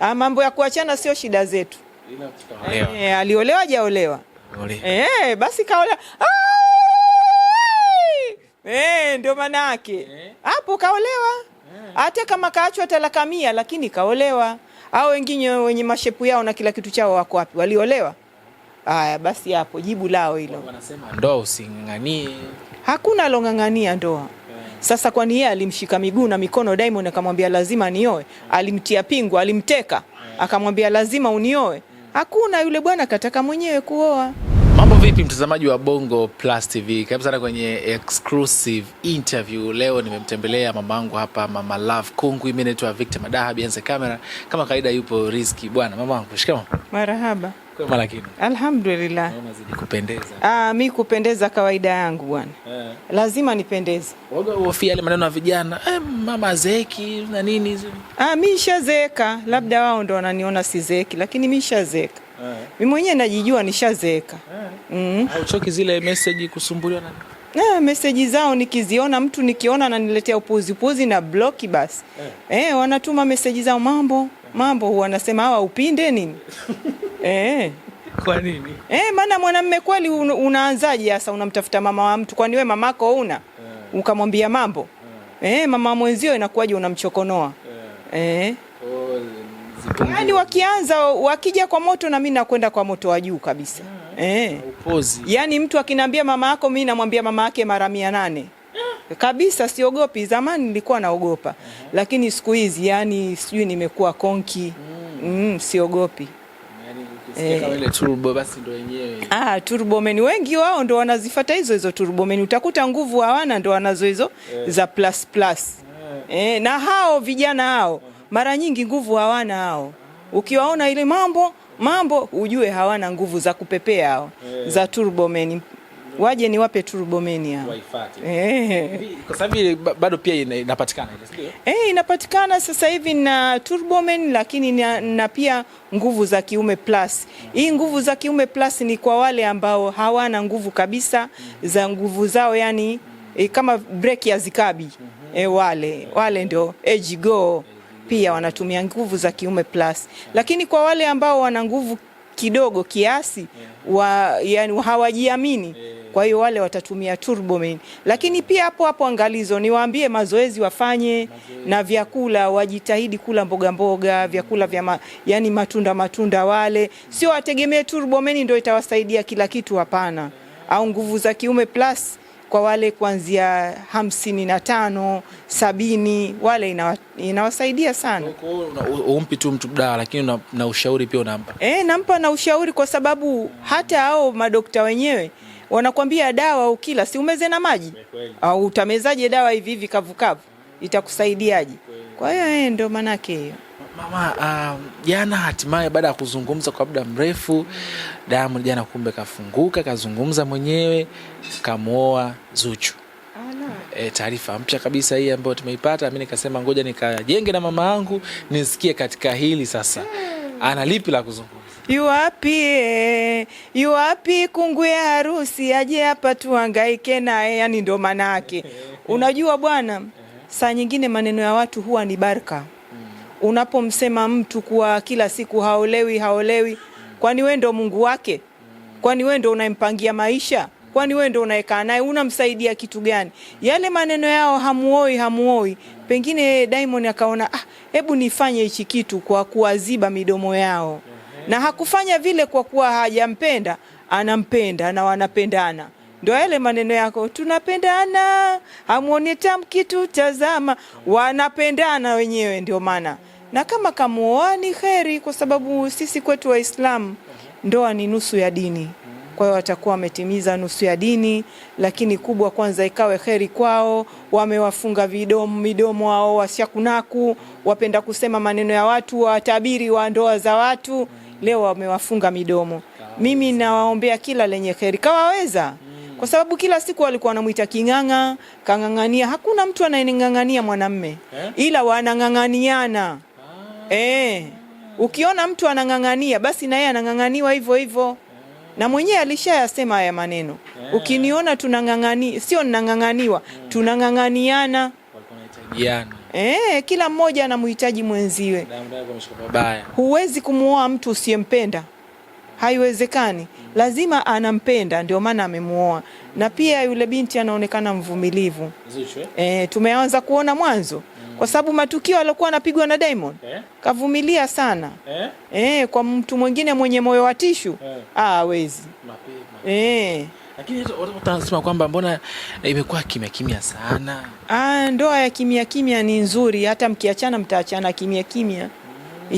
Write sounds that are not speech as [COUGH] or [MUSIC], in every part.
Ah, mambo ya kuachana sio shida zetu. E, aliolewa jaolewa E, eh, basi kaolewa. Ah! Eh, ndio maana yake eh. hapo, kaolewa hata kama kaachwa talaka mia, lakini kaolewa. Au wengine wenye mashepu yao na kila kitu chao wako wapi? Waliolewa? Aya, basi hapo jibu lao hilo. Wanasema ndoa using'ang'anie. Hakuna longang'ania ndoa. Sasa kwani yeye alimshika miguu na mikono Diamond akamwambia lazima nioe? Alimtia pingu, alimteka, akamwambia lazima unioe? Hakuna, yule bwana kataka mwenyewe kuoa. Mambo vipi, mtazamaji wa Bongo Plus TV, karibu sana kwenye exclusive interview. Leo nimemtembelea mamangu hapa, mama Love Kungwi. Mimi naitwa Victor Madaha, bianze kamera kama kawaida, yupo Rizki. Bwana mamangu, shikamoo. Marahaba. Kama lakini. Alhamdulillah. Naona zidi kupendeza. Ah, mimi kupendeza kawaida yangu bwana. Yeah. Lazima nipendeze. Waga hofia ile maneno ya vijana, eh, mama zeki na nini hizo. Ah, mimi nishazeeka. Labda wao ndo wananiona si zeki, lakini mimi nishazeeka. Yeah. Mimi mwenyewe najijua nishazeeka. Yeah. Mhm. Hauchoki zile message kusumbuliwa na Eh, meseji zao nikiziona, mtu nikiona ananiletea upuzi upuzi na bloki basi. Eh, eh wanatuma meseji zao mambo, eh. mambo huwa nasema hawa upinde nini? [LAUGHS] Eh. Kwa nini? Eh, maana mwanamume kweli unaanzaje sasa unamtafuta mama wa mtu kwani we mamako una? Eh. Ukamwambia mambo. Eh, eh mama mwenzio inakuwaje unamchokonoa? Eh. eh. Yaani wakianza wakija kwa moto na mimi nakwenda kwa moto wa juu kabisa. eh. eh. Upozi. Yaani mtu akiniambia mama yako mimi namwambia mama yake mara mia nane eh. kabisa siogopi. Zamani nilikuwa naogopa, uh -huh. Lakini siku hizi yani sijui nimekuwa konki mm. Mm, siogopi. Eh. Ah, turbomeni wengi wao ndo wanazifata hizo hizo turbomeni, utakuta nguvu hawana ndo wanazo hizo eh, za plus plus eh. Eh, na hao vijana hao mara nyingi nguvu hawana hao, ukiwaona ile mambo mambo ujue hawana nguvu za kupepea hao, yeah. za turbomeni waje niwape turubomenia eh. kwa sababu bado pia inapatikana eh, inapatikana sasa hivi na turbomen, lakini na, na pia nguvu za kiume plus. Hii nguvu za kiume plus ni kwa wale ambao hawana nguvu kabisa za nguvu zao yani e, kama breki ya zikabi e, wale wale ndio age go pia wanatumia nguvu za kiume plus, lakini kwa wale ambao wana nguvu kidogo kiasi wa, yani hawajiamini kwa hiyo wale watatumia turbo main, lakini pia hapo hapo angalizo, niwaambie mazoezi wafanye mazoezi, na vyakula wajitahidi kula mboga mboga, vyakula vya ma, yani matunda matunda wale, sio wategemee turbo main ndio itawasaidia kila kitu, hapana. Au nguvu za kiume plus kwa wale kuanzia hamsini na tano sabini wale inawa, inawasaidia sana. Umpi tu mtu dawa lakini na, na ushauri pia unampa? E, nampa na ushauri kwa sababu hata hao madokta wenyewe Wanakwambia dawa ukila si umeze na maji au utamezaje dawa hivi hivi kavukavu, itakusaidiaje? Kwa hiyo yeye ndio manake hiyo mama. Um, jana uh, hatimaye baada ya kuzungumza kwa muda mrefu, Diamond jana kumbe kafunguka, kazungumza mwenyewe, kamuoa Zuchu. E, taarifa mpya kabisa hii ambayo tumeipata. Mimi nikasema ngoja nikajenge na mama yangu nisikie katika hili sasa. Hmm ana lipi la kuzungumza? yuapi eh, yuwapi kungu ya harusi aje hapa tuhangaike naye, yani ndo maana yake. [LAUGHS] Unajua bwana, saa nyingine maneno ya watu huwa ni baraka. Hmm. Unapomsema mtu kuwa kila siku haolewi haolewi, kwani wewe ndo Mungu wake? Hmm. Kwani wewe ndo unayempangia maisha? kwani wewe ndio unaekaa naye, unamsaidia kitu gani? Yale maneno yao hamuoi, hamuoi, pengine Diamond akaona ah, hebu nifanye hichi kitu kwa kuwaziba midomo yao, na hakufanya vile kwa kuwa hajampenda, anampenda na wanapendana ndo yale maneno yako, tunapendana, hamuoni tam kitu, tazama, wanapendana wenyewe. Ndio maana na kama kamuoa ni kheri, kwa sababu sisi kwetu Waislamu ndoa ni nusu ya dini. Kwa hiyo watakuwa wametimiza nusu ya dini, lakini kubwa kwanza ikawe kheri kwao. Wamewafunga vidomo midomo wao washakunaku, wapenda kusema maneno ya watu, watabiri wa ndoa za watu, leo wamewafunga midomo. Mimi nawaombea kila lenye kheri kawaweza kwa sababu kila siku walikuwa wanamwita king'ang'a, kang'ang'ania. Hakuna mtu anayeng'ang'ania mwanamme eh, ila wanang'ang'aniana ah. Eh. ukiona mtu anang'ang'ania basi na yeye anang'ang'aniwa hivyo hivyo na mwenyewe alishayasema haya maneno yeah. Ukiniona tunang'ang'ani, sio ninang'ang'aniwa mm. Tunang'ang'aniana e, kila mmoja anamhitaji mwenziwe. Huwezi kumuoa mtu usiyempenda, haiwezekani mm. Lazima anampenda, ndio maana amemuoa mm. Na pia yule binti anaonekana mvumilivu e, tumeanza kuona mwanzo kwa sababu matukio aliokuwa anapigwa na Diamond eh? Kavumilia sana eh? Eh, kwa mtu mwingine mwenye moyo wa tishu eh? Ah, hawezi eh. Lakini utasema kwamba mbona eh, imekuwa kimya kimya sana? Ah, ndoa ya kimya kimya ni nzuri, hata mkiachana mtaachana kimya kimya mm.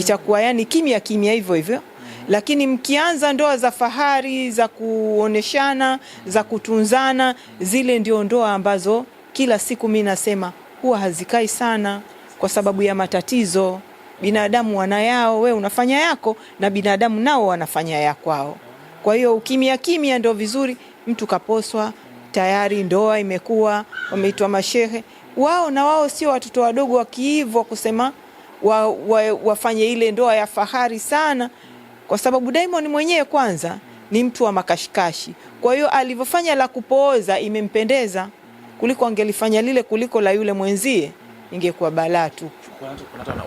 Itakuwa yani kimya kimya hivyo hivyo mm. lakini mkianza ndoa za fahari za kuoneshana za kutunzana, mm. zile ndio ndoa ambazo kila siku mi nasema huwa hazikai sana kwa sababu ya matatizo. Binadamu wana yao, we unafanya yako na binadamu nao wanafanya ya kwao. Kwa hiyo ukimya kimya ndio vizuri. Mtu kaposwa tayari, ndoa imekuwa, wameitwa mashehe wao, na wao sio watoto wadogo wakiivwa kusema wa, wa, wafanye ile ndoa ya fahari sana, kwa sababu Diamond mwenyewe kwanza ni mtu wa makashikashi. Kwa hiyo alivyofanya la kupooza imempendeza kuliko angelifanya lile kuliko la yule mwenzie, ingekuwa balaa tu.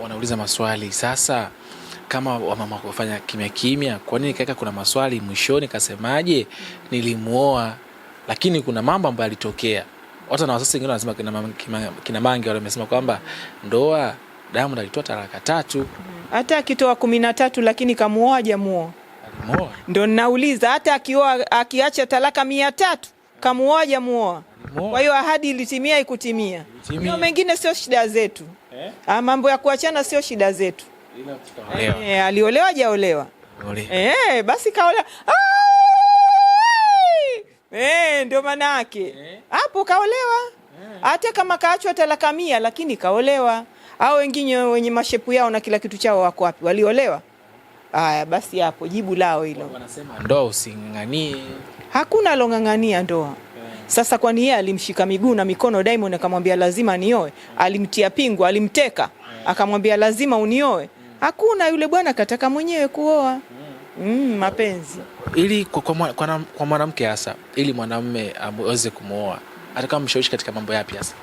Wanauliza maswali sasa kama wamama kufanya kimya kimya, kwa nini kaweka kuna maswali mwishoni, kasemaje nilimuoa, lakini kuna mambo ambayo yalitokea. Hata na wasasi wengine wanasema kina, kina, wale wamesema kwamba ndoa Diamond alitoa talaka tatu, hata akitoa kumi na tatu, lakini kamuoa jamuo Ndo nauliza hata akioa akiacha talaka mia tatu kamuoa jamuoa kwa hiyo ahadi ilitimia ikutimia. Hiyo mengine sio shida zetu eh? Ah, mambo ya kuachana sio shida zetu eh, aliolewa jaolewa eh, basi kaolewa eh, ndio maana yake eh? hapo eh? Kaolewa hata eh, kama kaachwa talakamia lakini kaolewa. Au wengine wenye mashepu yao na kila kitu chao wako wapi? Waliolewa? Aya, basi hapo jibu lao hilo. Wanasema ndoa using'ang'anie. Hakuna longang'ania ndoa. Sasa kwani yeye alimshika miguu na mikono Diamond akamwambia lazima nioe? Alimtia pingu, alimteka, akamwambia lazima unioe? Hakuna, yule bwana kataka mwenyewe kuoa. Mm, mapenzi ili kwa, kwa, kwa, kwa mwanamke hasa, ili mwanamume aweze kumuoa atakaa mshawishi katika mambo yapi hasa?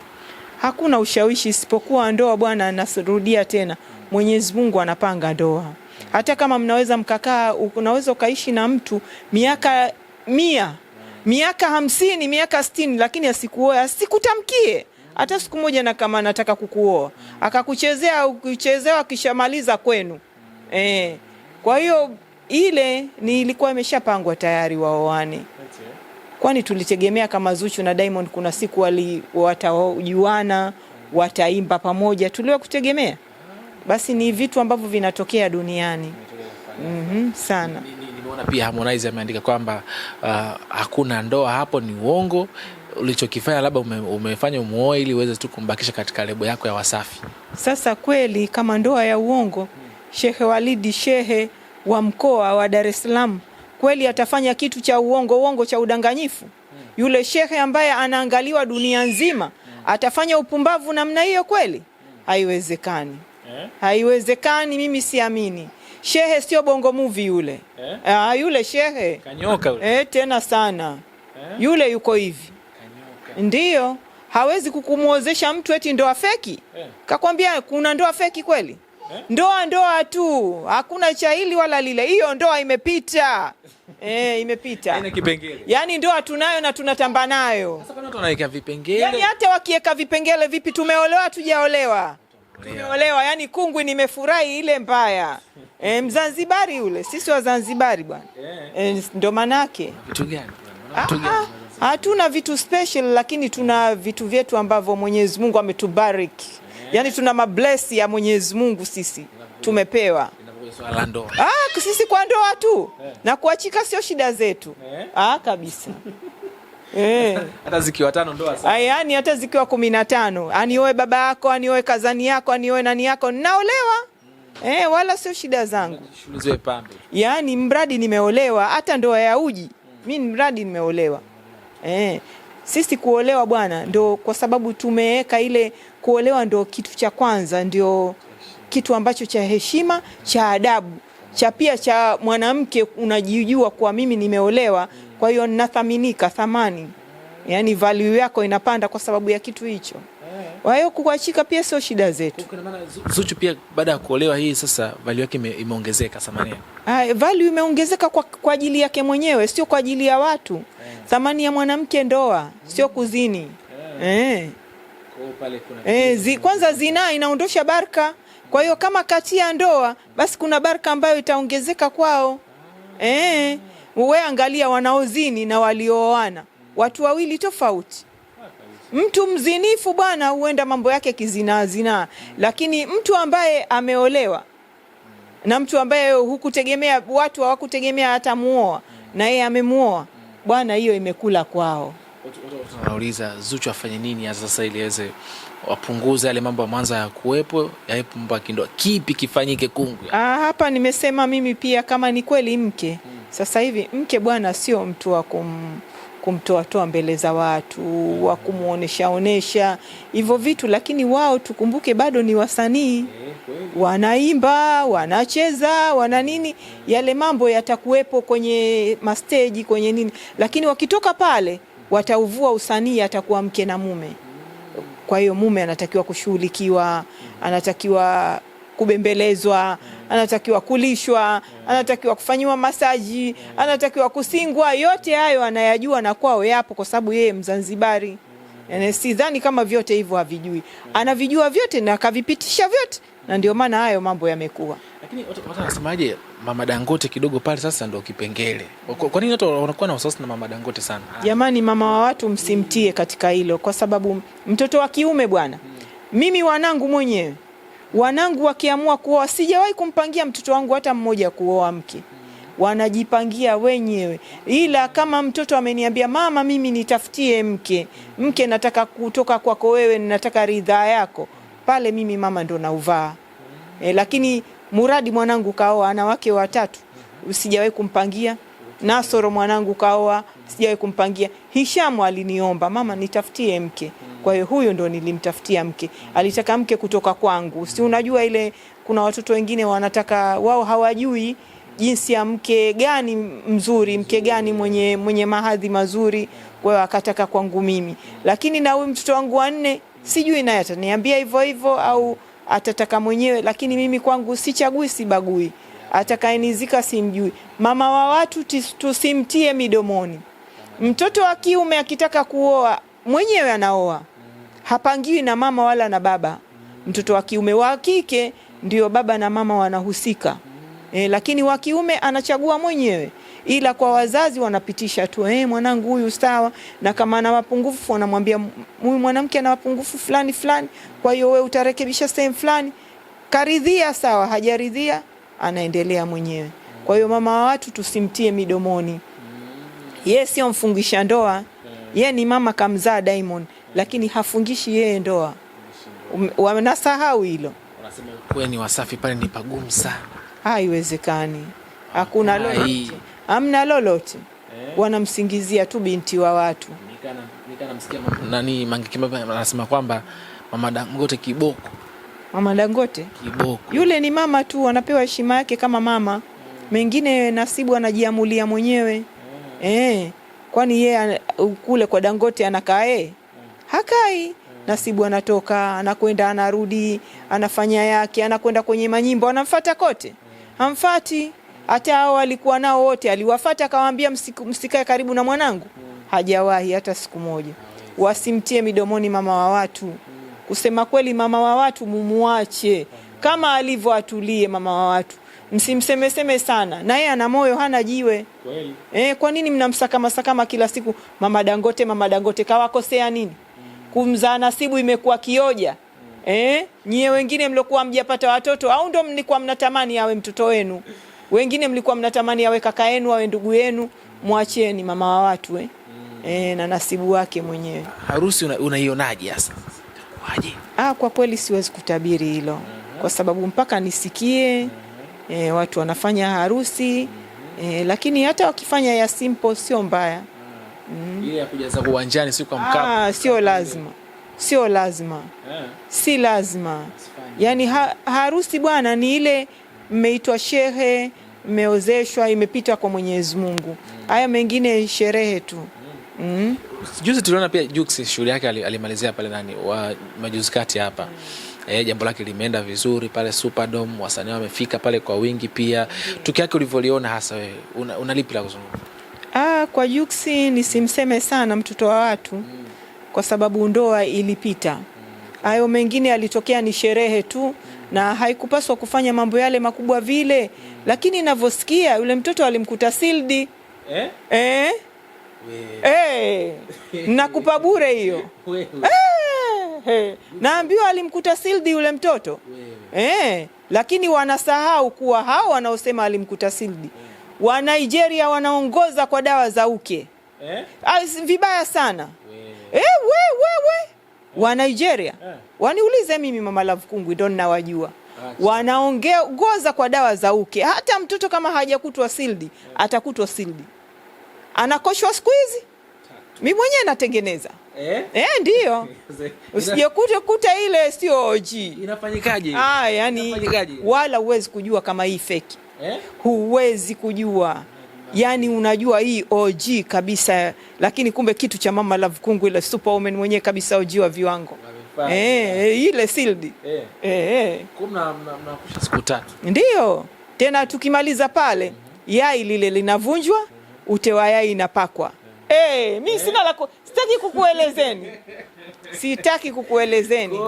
Hakuna ushawishi isipokuwa ndoa. Bwana, nasurudia tena, Mwenyezi Mungu anapanga ndoa. Hata kama mnaweza mkakaa, unaweza ukaishi na mtu miaka mia miaka hamsini, miaka sitini, lakini asikuoa asikutamkie hata siku moja, na kama nataka kukuoa akakuchezea au kuchezea akishamaliza kwenu e. Kwa hiyo ile ni ilikuwa imeshapangwa tayari waoane, kwani tulitegemea kama Zuchu na Diamond kuna siku watajuana wataimba pamoja, tuliwa kutegemea. Basi ni vitu ambavyo vinatokea duniani mm -hmm, sana. Tumeona pia Harmonize ameandika kwamba uh, hakuna ndoa hapo, ni uongo ulichokifanya labda ume, umefanya umuoe ili uweze tu kumbakisha katika lebo yako ya Wasafi. Sasa kweli kama ndoa ya uongo hmm. Shehe Walidi shehe wa mkoa wa Dar es Salaam kweli atafanya kitu cha uongo uongo cha udanganyifu hmm. Yule shehe ambaye anaangaliwa dunia nzima hmm. Atafanya upumbavu namna hiyo kweli? hmm. Haiwezekani eh? Haiwezekani, mimi siamini. Shehe sio bongo muvi yule eh? Ah, yule shehe kanyoka yule. Eh, tena sana eh? Yule yuko hivi kanyoka. Ndiyo, hawezi kukumwozesha mtu eti ndoa feki eh? Kakwambia kuna ndoa feki kweli eh? Ndoa ndoa tu, hakuna cha hili wala lile, hiyo ndoa imepita [LAUGHS] eh, imepita yaani ndoa tunayo na tunatamba nayo. Sasa, yaani hata wakiweka vipengele vipi, tumeolewa tujaolewa Tumeolewa yani kungwi, nimefurahi ile mbaya. E, Mzanzibari ule sisi Wazanzibari bwana e, ndo manake ah, ah, hatuna vitu special, lakini tuna vitu vyetu ambavyo Mwenyezi Mungu ametubariki yani tuna mablesi ya Mwenyezi Mungu sisi tumepewa. Ah, sisi kwa ndoa tu na kuachika sio shida zetu ah, kabisa. Eh. hata zikiwa tano ndoa sawa. Yaani hata zikiwa kumi na tano anioe baba yako, anioe kazani yako, anioe nani yako, naolewa mm. eh, wala sio shida zangu, yaani mradi nimeolewa, hata ndoa ya uji mm. mi mradi nimeolewa eh. Sisi kuolewa bwana, ndo kwa sababu tumeweka ile kuolewa ndo kitu cha kwanza, ndio kitu ambacho cha heshima, cha adabu, cha pia cha mwanamke unajijua, kwa mimi nimeolewa mm. Kwa hiyo nathaminika, thamani yani value yako inapanda kwa sababu ya kitu hicho. Kwa hiyo kukuachika pia sio shida zetu. Zuchu pia baada ya kuolewa hii sasa value yake imeongezeka thamani. Ah, value imeongezeka kwa, kwa ajili yake mwenyewe sio kwa ajili ya watu. Eh. Thamani ya mwanamke ndoa sio mm. kuzini. Eh. eh. Pale kuna eh, zi, kwanza zinaa inaondosha baraka. Kwa hiyo kama kati ya ndoa basi kuna baraka ambayo itaongezeka kwao. Ah. Eh. Wewe angalia wanaozini na waliooana, watu wawili tofauti. Mtu mzinifu bwana, huenda mambo yake kizinaa zinaa, lakini mtu ambaye ameolewa na mtu ambaye hukutegemea, watu hawakutegemea hata muoa, na yeye amemuoa bwana, hiyo imekula kwao. Wanauliza Zuchu afanye nini sasa ili aweze wapunguze yale mambo ya mwanzo ya kuwepo yaepo ya kindoa, kipi kifanyike? Kungwi, ah, hapa nimesema mimi pia, kama ni kweli mke sasa hivi mke bwana sio mtu wa kum kumtoatoa mbele za watu mm. wa kumuonesha onesha hivyo vitu, lakini wao tukumbuke bado ni wasanii mm. wanaimba, wanacheza, wana nini, yale mambo yatakuwepo kwenye masteji kwenye nini, lakini wakitoka pale watauvua usanii, atakuwa mke na mume. Kwa hiyo mume anatakiwa kushughulikiwa, anatakiwa kubembelezwa mm anatakiwa kulishwa, anatakiwa kufanyiwa masaji, anatakiwa kusingwa. Yote hayo anayajua na kwao yapo, kwa sababu yeye Mzanzibari. Sidhani kama vyote hivyo havijui, anavijua vyote na akavipitisha vyote, na ndio maana hayo mambo yamekuwa. Lakini watu wanasemaje Mama Dangote kidogo pale sasa ndio kipengele. Kwa nini watu wanakuwa na wasiwasi na Mama Dangote sana? Jamani, mama wa watu msimtie katika hilo, kwa sababu mtoto wa kiume bwana, hmm. mimi wanangu mwenyewe Wanangu wakiamua kuoa, sijawahi kumpangia mtoto wangu hata mmoja kuoa mke, wanajipangia wenyewe. Ila kama mtoto ameniambia mama, mimi nitafutie mke, mke nataka kutoka kwako wewe, nataka ridhaa yako, pale mimi mama ndo nauvaa. E, lakini muradi mwanangu kaoa, ana wake watatu, sijawahi kumpangia Nasoro mwanangu kaoa, sijawe kumpangia. Hishamu aliniomba mama, nitafutie mke. Kwa hiyo huyo ndo nilimtafutia mke, alitaka mke kutoka kwangu. Si unajua ile kuna watoto wengine wanataka wao, hawajui jinsi ya mke gani mzuri, mke gani mwenye, mwenye mahadhi mazuri. Kwa hiyo akataka kwangu mimi, lakini na huyu mtoto wangu wa nne sijui naye ataniambia hivyo hivyo au atataka mwenyewe, lakini mimi kwangu sichagui, sibagui atakayenizika simjui. Mama wa watu tusimtie midomoni. Mtoto wa kiume akitaka kuoa mwenyewe anaoa, hapangiwi na mama wala na baba. Mtoto wa kiume, wa kike ndio baba na mama wanahusika e, lakini wa kiume anachagua mwenyewe, ila kwa wazazi wanapitisha tu e, mwanangu huyu sawa, na kama ana mapungufu wanamwambia huyu mwanamke ana mapungufu fulani fulani, kwa hiyo wewe utarekebisha sehemu fulani. Karidhia sawa, hajaridhia anaendelea mwenyewe. Kwa hiyo mama wa watu tusimtie midomoni, yeye sio mfungisha ndoa, yeye ni mama kamzaa Diamond, lakini hafungishi yeye ndoa. Um, wanasahau hilo, wanasema ni Wasafi pale ni pagumu sana, haiwezekani, hakuna lolote, hamna lolote eh? wanamsingizia tu binti wa watu. nani Mange Kimambi anasema kwamba mama Dangote kiboko Mama Dangote Kiboko. Yule ni mama tu, anapewa heshima yake kama mama, mengine nasibu anajiamulia mwenyewe mm. eh. Kwani ye kule kwa Dangote anakaa mm. Hakai. Mm. Nasibu anatoka anakwenda, anarudi, anafanya yake, anakwenda kwenye manyimbo, anamfata kote, hamfati hata hao walikuwa nao wote aliwafata, akawaambia msikae karibu na mwanangu. Hajawahi hata siku moja. Wasimtie midomoni mama wa watu. Kusema kweli, mama wa watu mumuache kama alivyo, atulie mama wa watu, msimsemeseme sana, na yeye ana moyo, hana jiwe kweli. E, kwa nini mnamsakamasakama kila siku mama Dangote? Mama Dangote kawakosea nini? Kumzaa Nasibu imekuwa kioja Eh, nyie wengine mliokuwa mjapata watoto au ndo mlikuwa mnatamani awe mtoto wenu? Wengine mlikuwa mnatamani awe kaka yenu awe ndugu yenu. Mwacheni mama wa watu eh, mm. eh na nasibu wake mwenyewe. Harusi unaionaje una sasa? itakuwaje? Ah, kwa kweli siwezi kutabiri hilo mm -hmm. kwa sababu mpaka nisikie mm -hmm. watu wanafanya harusi mm -hmm. lakini hata wakifanya ya simple sio mbaya mhm. mm -hmm. ile ya kujaza uwanjani si kwa Mkapa. Ah, sio lazima sio lazima yeah. si lazima yani ha harusi bwana ni ile mmeitwa shehe mmeozeshwa imepita kwa Mwenyezi Mungu mm. haya mengine sherehe tu mm. Mm. Juzi tuliona pia Jux shughuli yake alimalizia pale nani wa majuzi kati hapa e, jambo lake limeenda vizuri pale Superdome, wasanii wamefika pale kwa wingi pia. Tukio yake ulivyoliona hasa wewe una, unalipi la kuzungumza? Ah, kwa Jux nisimseme sana mtoto wa watu mm. kwa sababu ndoa ilipita mm. mengine yalitokea ni sherehe tu mm. na haikupaswa kufanya mambo yale makubwa vile mm. lakini ninavyosikia yule mtoto alimkuta sildi eh? Eh? hey, eh. eh, nakupa bure hiyo hey. Eh, Naambiwa alimkuta sildi yule mtoto hey, lakini wanasahau kuwa hao wanaosema alimkuta sildi wa Nigeria wanaongoza kwa dawa za uke eh? Vibaya sana eh, wewe wa Nigeria eh. Waniulize mimi Mama Love Kungwi ndo ninawajua wanaongoza kwa dawa za uke. Hata mtoto kama hajakutwa sildi atakutwa sildi anakoshwa siku hizi, mi mwenyewe natengeneza eh? Eh, ndio [LAUGHS] usijekute kuta ile sio OG. Inafanyikaje? Ah, yani Inafanyikaje? wala huwezi kujua kama hii feki eh? huwezi kujua yani unajua hii OG kabisa, lakini kumbe kitu cha Mama Love Kungu ile superwoman mwenyewe kabisa, OG wa viwango eh, eh, ile sildi eh, eh, eh. mnakusha siku tatu, ndio tena tukimaliza pale mm -hmm. yai lile linavunjwa ute wa yai inapakwa. Hey, eh, mi sina la sitaki kukuelezeni, sitaki kukuelezeni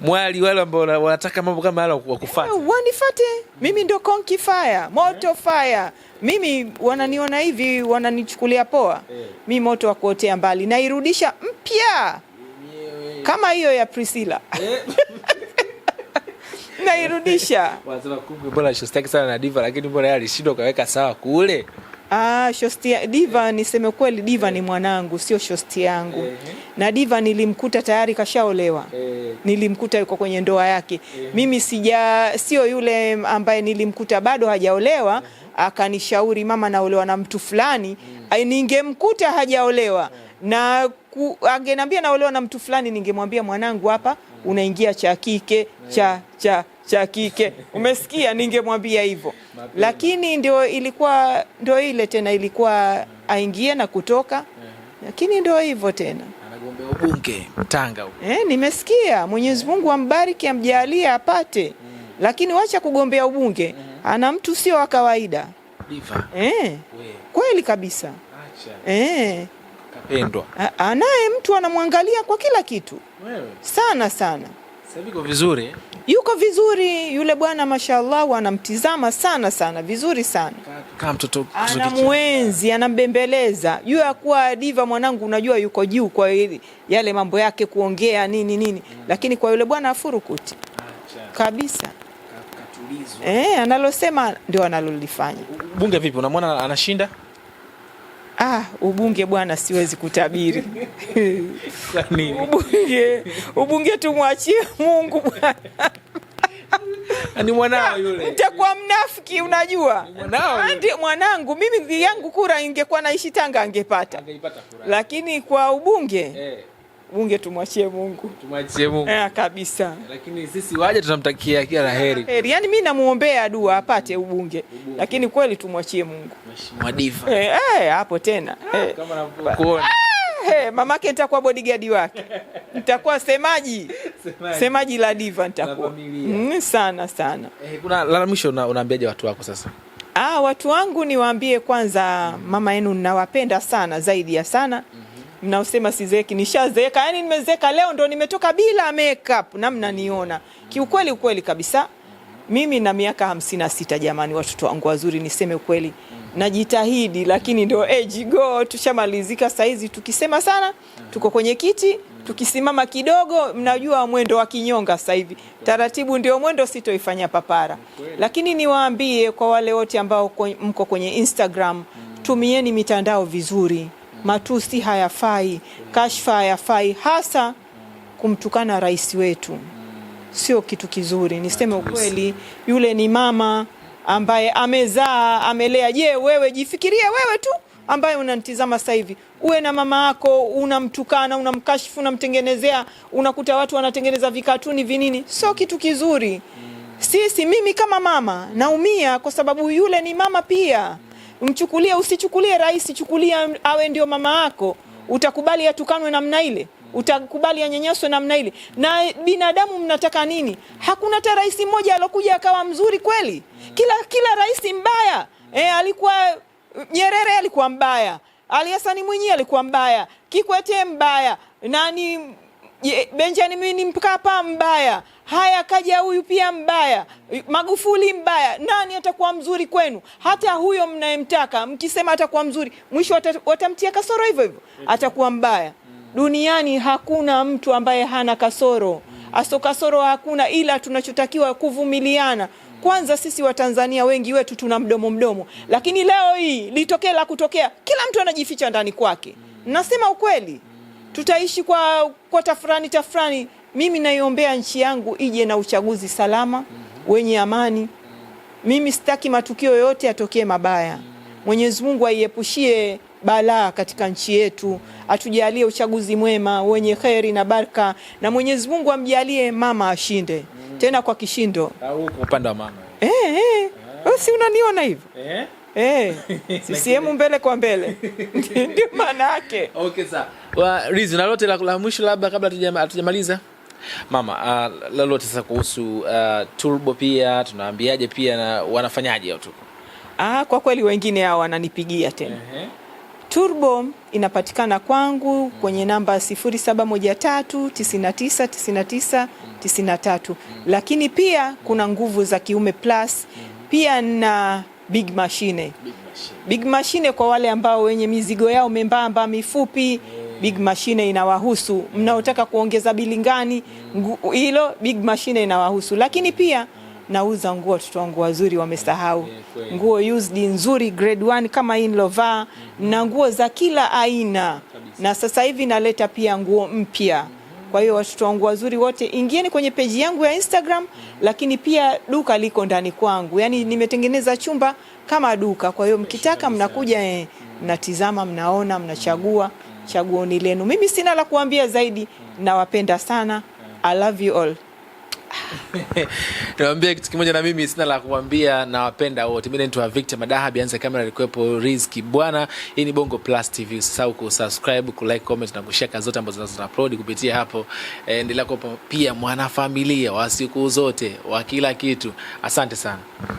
mwali. Wale ambao wanataka mambo kama haya wakufuate, eh, wanifuate mimi, ndo konki fire, moto fire. Mimi wananiona hivi, wananichukulia poa. Eh. Mi moto wa kuotea mbali, nairudisha mpya kama hiyo ya Priscilla [LAUGHS] nairudisha. Wanasema kumbe, mbona shtaki sana na Diva, lakini mbona yeye alishindwa kaweka sawa kule. Ah, shosti ya, Diva niseme kweli Diva ni mwanangu sio shosti yangu. Eh. Na Diva nilimkuta tayari kashaolewa. Eh. Nilimkuta yuko kwenye ndoa yake. Eh. Mimi sija sio yule ambaye nilimkuta bado hajaolewa akanishauri mama naolewa na mtu fulani. Mm. Ningemkuta hajaolewa na angeniambia naolewa na mtu fulani, ningemwambia mwanangu, hapa unaingia cha kike cha cha cha kike, umesikia? Ningemwambia hivyo, lakini ndio ilikuwa ndio ile tena, ilikuwa aingie na kutoka, lakini ndio hivyo tena. ubunge Tanga huko, eh, nimesikia. Mwenyezi eh. Mungu ambariki, amjalie, apate. Mm. Lakini wacha kugombea ubunge, mm. ana mtu sio wa kawaida eh, kweli kabisa, acha eh kapendwa, anaye mtu anamwangalia kwa kila kitu wewe. Sana sana yuko vizuri, eh? yuko vizuri yule bwana mashallah, anamtizama sana sana vizuri sana, anamwenzi anambembeleza. Juu ya kuwa diva mwanangu, unajua yuko juu kwa hili yale mambo yake kuongea nini nini hmm. Lakini kwa yule bwana afurukuti kabisa eh, analosema ndio analolifanya. Bunge vipi, unamwona anashinda? Ah, ubunge bwana, siwezi kutabiri [LAUGHS] ubunge, ubunge tumwachie Mungu bwana. Ah, ni mwanao yule. Mtakuwa mnafiki unajua. Ah, ndio mwanangu, mimi yangu kura ingekuwa naishi Tanga angepata, lakini kwa ubunge eh bunge tumwachie Mungu, tumwachie Mungu eh, kabisa. Lakini sisi waje tunamtakia kila la heri eh, heri, yani mimi namuombea dua apate ubunge, ubunge. Lakini kweli tumwachie Mungu Mheshimiwa Diva eh, eh, hapo tena ah, eh. Kama nakuona Hey, ah, eh, mamake nitakuwa bodyguard wake, nitakuwa semaji semaji, semaji la Diva nitakuwa mm, sana sana. Eh, kuna la mwisho unaambiaje watu wako sasa? Ah, watu wangu niwaambie kwanza, mama yenu ninawapenda sana zaidi ya sana mm mnaosema sizeki, nishazeeka. Yani nimezeeka leo ndo nimetoka bila makeup na mnaniona kiukweli, ukweli kabisa. Mimi na miaka hamsini na sita jamani, watoto wangu wazuri, niseme ukweli, najitahidi lakini ndo age eh, go, tushamalizika saizi. Tukisema sana tuko kwenye kiti, tukisimama kidogo, mnajua mwendo wa kinyonga sasa hivi, taratibu ndio mwendo, sitoifanya papara. Lakini niwaambie kwa wale wote ambao mko kwenye Instagram, tumieni mitandao vizuri matusi hayafai, kashfa hayafai, hasa kumtukana rais wetu sio kitu kizuri. Niseme ukweli, yule ni mama ambaye amezaa amelea. Je, wewe jifikirie wewe tu ambaye unanitizama sasa hivi, uwe na mama yako unamtukana, unamkashifu, unamtengenezea, unakuta watu wanatengeneza vikatuni vinini, sio kitu kizuri. Mm. Sisi, mimi kama mama naumia kwa sababu yule ni mama pia mchukulie usichukulie rais, chukulia awe ndio mama yako, utakubali atukanwe namna ile? Utakubali anyanyaswe namna ile? Na binadamu mnataka nini? Hakuna hata rais mmoja alokuja akawa mzuri kweli, kila kila rais mbaya. E, alikuwa Nyerere alikuwa mbaya, Ali Hassan Mwinyi alikuwa mbaya, Kikwete mbaya, nani Je, Benjamin Mkapa mbaya, haya kaja huyu pia mbaya, Magufuli mbaya. Nani atakuwa mzuri kwenu? Hata huyo mnayemtaka mkisema atakuwa mzuri, mwisho watamtia kasoro hivyo hivyo, atakuwa mbaya. Duniani hakuna mtu ambaye hana kasoro, aso kasoro hakuna, ila tunachotakiwa kuvumiliana kwanza sisi Watanzania wengi wetu tuna mdomo mdomo, lakini leo hii litokee la kutokea, kila mtu anajificha ndani kwake. Nasema ukweli tutaishi kwa, kwa tafurani tafurani. Mimi naiombea nchi yangu ije na uchaguzi salama mm -hmm. wenye amani mm -hmm. Mimi sitaki matukio yote yatokee mabaya mm -hmm. Mwenyezi Mungu aiepushie balaa katika nchi yetu, atujalie uchaguzi mwema wenye kheri na baraka, na Mwenyezi Mungu amjalie mama ashinde mm -hmm. tena kwa kishindo. Upande wa mama eh, eh. Ah. Wewe si unaniona hivyo eh? eh, CCM [LAUGHS] mbele kwa mbele [LAUGHS] ndio maana yake. Okay, sawa. Well, la, mwisho labda kabla hatujamaliza mama uh, ah, lolote sasa kuhusu uh, Turbo pia tunaambiaje pia na wanafanyaje watu? Ah, kwa kweli wengine hao wananipigia tena uh -huh. Turbo inapatikana kwangu mm. kwenye namba 0713999993, mm. lakini pia kuna nguvu za kiume plus mm. pia na Big machine. Big machine, kwa wale ambao wenye mizigo yao membamba mifupi yeah. Mm. Big machine inawahusu mm. mnaotaka kuongeza bilingani mm. hilo Big machine inawahusu, lakini pia nauza nguo, watoto wangu wazuri wamesahau eh, Nguo used nzuri grade 1 kama hii nilovaa mm -hmm. na nguo za kila aina Na sasa hivi naleta pia nguo mpya mm -hmm. Kwa hiyo watoto wangu wazuri wote, ingieni kwenye peji yangu ya Instagram, lakini pia duka liko ndani kwangu, yaani nimetengeneza chumba kama duka. Kwa hiyo mkitaka mnakuja, eh, mnatizama, mnaona, mnachagua. Chaguoni lenu. Mimi sina la kuambia zaidi, nawapenda sana. I love you all. [LAUGHS] niwambia kitu kimoja, na mimi sina la kuambia, wapenda wote. Mimi naitwa Victor Madaha, Bianza kamera alikuwepo Rizki bwana. Hii ni Bongo Plus TV, usisahau kusubscribe, kulike, comment na kushaka kazi zote ambazo zinazo upload kupitia hapo. E, endelea kuwa pia mwanafamilia wa siku zote wa kila kitu. Asante sana.